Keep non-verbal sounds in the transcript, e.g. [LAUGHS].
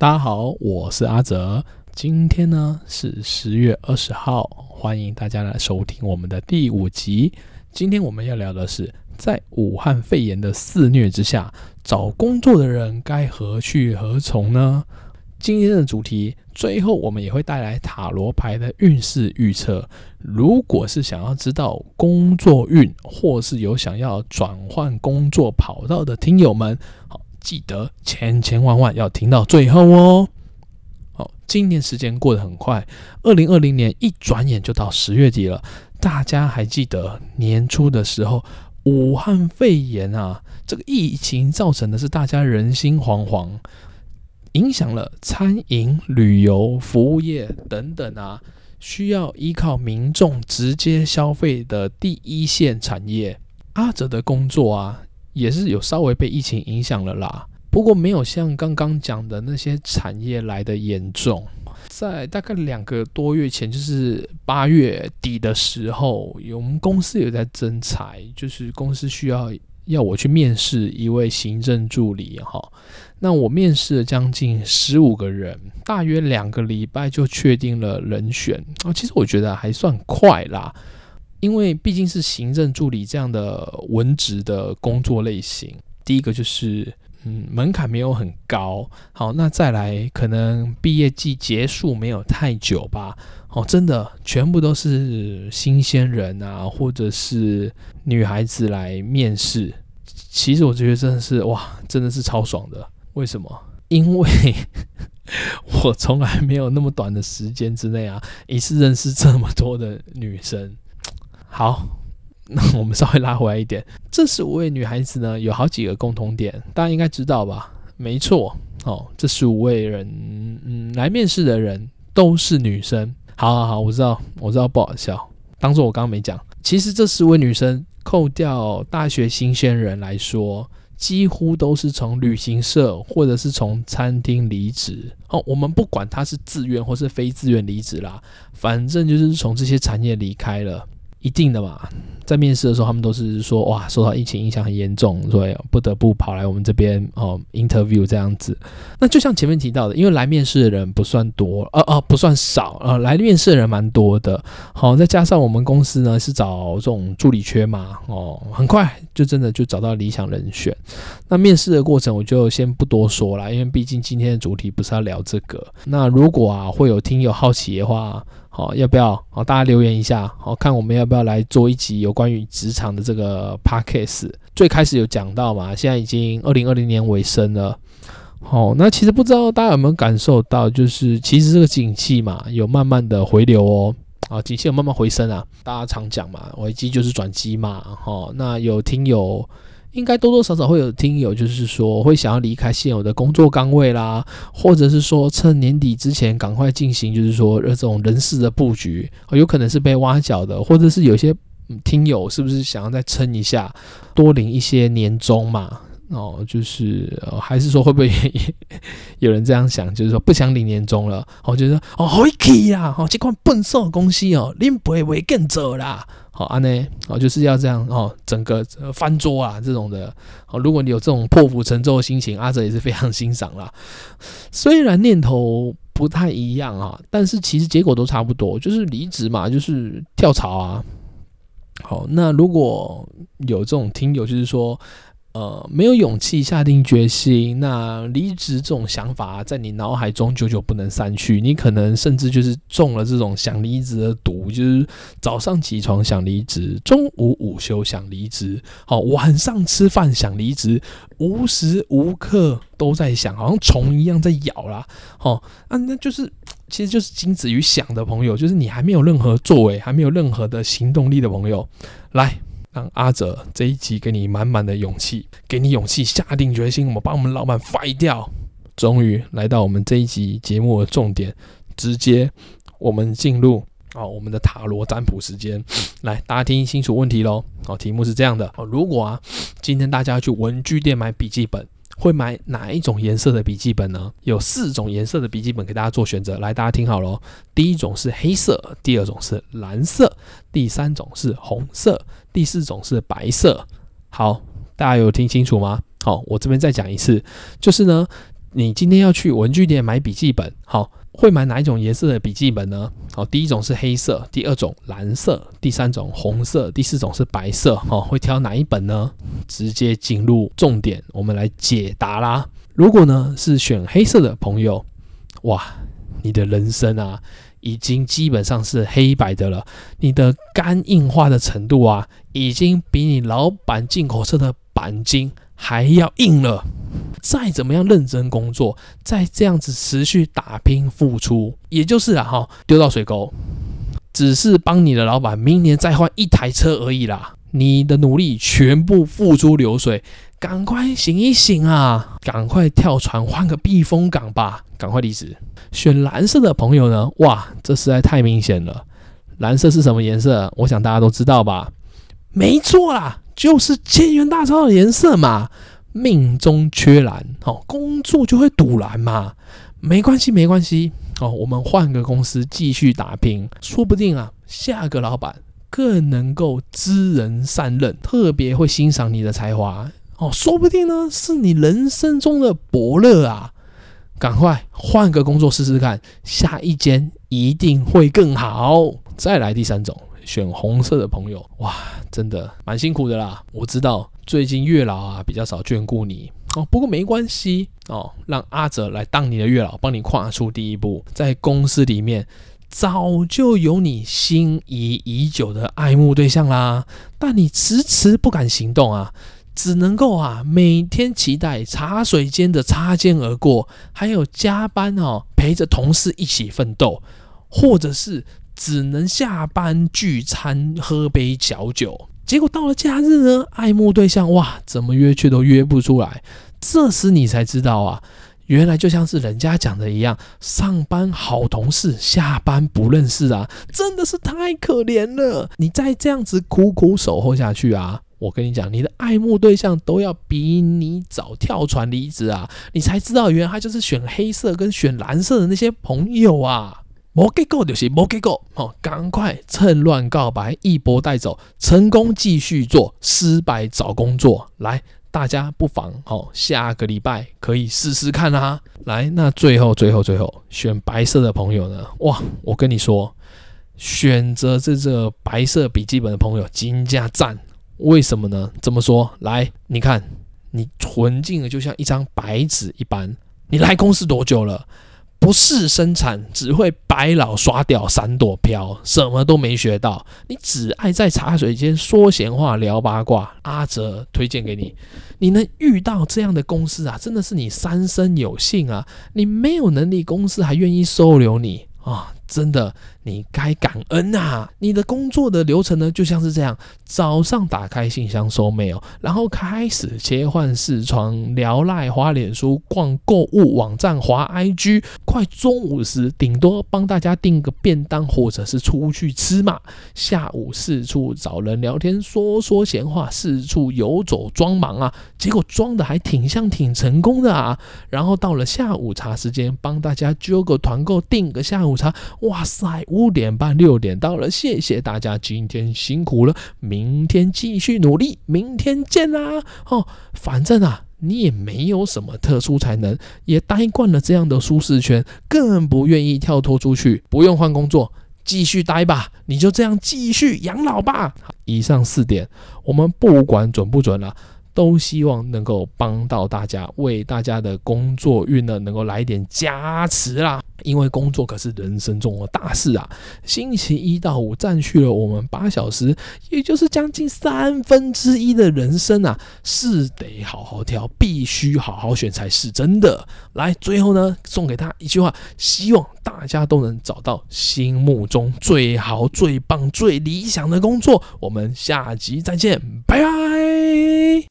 大家好，我是阿澤，今天呢是十月二十號，歡迎大家來收聽我們的第五集。今天我們要聊的是，在武漢肺炎的肆虐之下，找工作的人該何去何從呢？今天的主題，最後我們也會帶來塔羅牌的運勢預測。如果是想要知道工作運，或是有想要轉換工作跑道的聽友們，好。記得千千萬萬要聽到最後哦！好，今年時間過得很快，二零二零年一轉眼就到十月底了。大家還記得年初的時候，武漢肺炎啊，這個疫情造成的是大家人心惶惶，影響了餐飲、旅遊、服務業等等啊，需要依靠民眾直接消費的第一線產業。阿哲的工作啊，也是有稍微被疫情影響了啦，不過沒有像剛剛講的那些產業來得嚴重。在大概兩個多月前，就是八月底的時候，有我們公司也在徵才，就是公司需要要我去面試一位行政助理哈。那我面試了將近十五個人，大約兩個禮拜就確定了人選。哦，其實我覺得還算快啦。因為畢竟是行政助理這樣的文職的工作類型，第一個就是嗯門檻沒有很高，好，那再來可能畢業季結束沒有太久吧，好，真的全部都是新鮮人啊，或者是女孩子來面試，其實我覺得真的是哇，真的是超爽的。為什麼？因為 [LAUGHS] 我從來沒有那麼短的時間之內啊，一次認識這麼多的女生。好，那我們稍微拉回來一點，這十五位女孩子呢，有好幾個共同點，大家應該知道吧？沒錯，哦，這十五位人、嗯、來面試的人都是女生。好好好，我知道，我知道不好笑，當做我剛剛沒講。其實這十位女生，扣掉大學新鮮人來說，幾乎都是從旅行社或者是從餐廳離職。哦，我們不管她是自願或是非自願離職啦，反正就是從這些產業離開了。一定的嘛，在面試的時候，他們都是說，哇，受到疫情影響很嚴重，所以不得不跑來我們這邊哦，interview 這樣子。那就像前面提到的，因為來面試的人不算多，呃呃，不算少，呃，來面試的人蠻多的。好、哦，再加上我們公司呢是找這種助理缺嘛，哦，很快就真的就找到理想人選。那面試的過程我就先不多說了，因為畢竟今天的主題不是要聊這個。那如果啊會有聽友好奇的話，好，要不要好？大家留言一下，好看我們要不要來做一集有關於職場的這個 podcast？最開始有講到嘛，現在已經二零二零年尾聲了。好，那其實不知道大家有沒有感受到，就是其實這個景氣嘛，有慢慢的回流哦。啊，景氣有慢慢回升啊。大家常講嘛，危機就是轉機嘛。好，那有聽友。應該多多少少會有聽友，就是說會想要離開現有的工作崗位啦，或者是說趁年底之前趕快進行，就是說那種人事的布局，有可能是被挖角的，或者是有些聽友是不是想要再撐一下，多領一些年終嘛？哦，就是、哦，還是說會不會有人這樣想？就是說不想領年終了，我覺得哦好一期呀，好、哦哦，這款笨瘦公司哦，領不會會更早啦，好安呢，哦，就是要這樣哦，整個翻桌啊這種的，好、哦，如果你有這種破釜沉舟的心情，阿、啊、澤也是非常欣賞啦。雖然念頭不太一樣啊，但是其實結果都差不多，就是離職嘛，就是跳槽啊。好、哦，那如果有這種聽友，就是說。呃，沒有勇氣下定決心，那離職這種想法、啊、在你腦海中久久不能散去。你可能甚至就是中了這種想離職的毒，就是早上起床想離職，中午午休想離職，好、哦，晚上吃飯想離職，無時無刻都在想，好像蟲一樣在咬啦。好、哦，啊，那就是其實就是僅止於想的朋友，就是你還沒有任何作為，還沒有任何的行動力的朋友，來。讓阿哲這一集給你滿滿的勇氣，給你勇氣下定決心，我們把我們老板廢掉。終於來到我們這一集節目的重點，直接我們進入啊、哦、我們的塔羅占卜時間，嗯、來大家聽清楚問題嘍。哦，題目是這樣的：哦，如果啊今天大家去文具店買筆記本。會買哪一種顏色的筆記本呢？有四種顏色的筆記本給大家做選擇。來，大家聽好咯。第一種是黑色，第二種是藍色，第三種是紅色，第四種是白色。好，大家有聽清楚嗎？好，我這邊再講一次，就是呢，你今天要去文具店買筆記本，好。會買哪一種顏色的筆記本呢？哦，第一種是黑色，第二種藍色，第三種紅色，第四種是白色。哦，會挑哪一本呢？直接進入重點，我們來解答啦。如果呢是選黑色的朋友，哇，你的人生啊，已經基本上是黑白的了。你的肝硬化的程度啊，已經比你老板進口車的鈑金還要硬了。再怎麼樣認真工作，再這樣子持續打拼付出，也就是啊，哈。丟到水溝，只是幫你的老闆明年再換一台車而已啦。你的努力全部付諸流水，趕快醒一醒啊！趕快跳船換個避風港吧！趕快離職。選藍色的朋友呢？哇，這實在太明顯了。藍色是什麼顏色？我想大家都知道吧？沒錯啦，就是千元大鈔的顏色嘛。命中缺藍，哦，工作就會堵藍嘛，沒關係，沒關係，哦，我們換個公司繼續打拼，說不定啊，下個老闆更能夠知人善任，特別會欣賞你的才華，哦，說不定呢，是你人生中的伯樂啊，趕快換個工作試試看，下一間一定會更好，再來第三種。選紅色的朋友，哇，真的蠻辛苦的啦。我知道最近月老啊比較少眷顧你哦，不過沒關係哦，讓阿澤來當你的月老，幫你跨出第一步。在公司裡面，早就有你心儀已久的愛慕對象啦，但你遲遲不敢行動啊，只能夠啊每天期待茶水間的擦肩而過，還有加班哦陪着同事一起奮鬥，或者是。只能下班聚餐，喝杯小酒，結果到了假日呢，愛慕對象哇，怎麼約卻都約不出來。這時你才知道啊，原來就像是人家講的一樣，上班好同事，下班不認識啊，真的是太可憐了。你再這樣子苦苦守候下去啊，我跟你講，你的愛慕對象都要比你早跳船離職啊，你才知道原來他就是選黑色跟選藍色的那些朋友啊。沒結果就是沒結果，吼、哦！趕快趁亂告白，一波帶走，成功繼續做，失敗找工作。來，大家不妨，吼、哦，下個禮拜可以試試看啦、啊。來，那最後最後最後，選白色的朋友呢？哇，我跟你說，選擇這個白色筆記本的朋友，金價贊。為什麼呢？怎麼說？來，你看，你純淨的就像一張白紙一般。你來公司多久了？不是生產，只會擺老耍屌閃躲飄，什麼都沒學到。你只愛在茶水間說閒話聊八卦。阿哲推薦給你，你能遇到這樣的公司啊，真的是你三生有幸啊！你沒有能力，公司還願意收留你啊，真的，你該感恩吶，啊！你的工作的流程呢，就像是這樣：早上打開信箱收 mail，喔，然後開始切換視窗，聊 LINE 滑臉書，逛購物網站，滑 IG。快中午時，頂多幫大家訂個便當，或者是出去吃嘛。下午四處找人聊天，說說閒話，四處遊走裝忙啊。結果裝得還挺像，挺成功的啊。然後到了下午茶時間，幫大家揪個團購，訂個下午茶。哇塞，五點半六點到了，謝謝大家今天辛苦了，明天繼續努力，明天見啦。哦，反正啊。你也沒有什麼特殊才能，也待慣了這樣的舒適圈，更不願意跳脫出去。不用換工作，繼續待吧，你就這樣繼續養老吧。以上四點，我們不管準不準了。都希望能夠幫到大家，為大家的工作運呢能夠來一點加持啦。因為工作可是人生中的大事啊，星期一到五占據了我們八小時，也就是將近三分之一的人生啊，是得好好挑，必須好好選才是真的。來，最後呢送給他一句話，希望大家都能找到心目中最好、最棒、最理想的工作。我們下集再見，拜拜。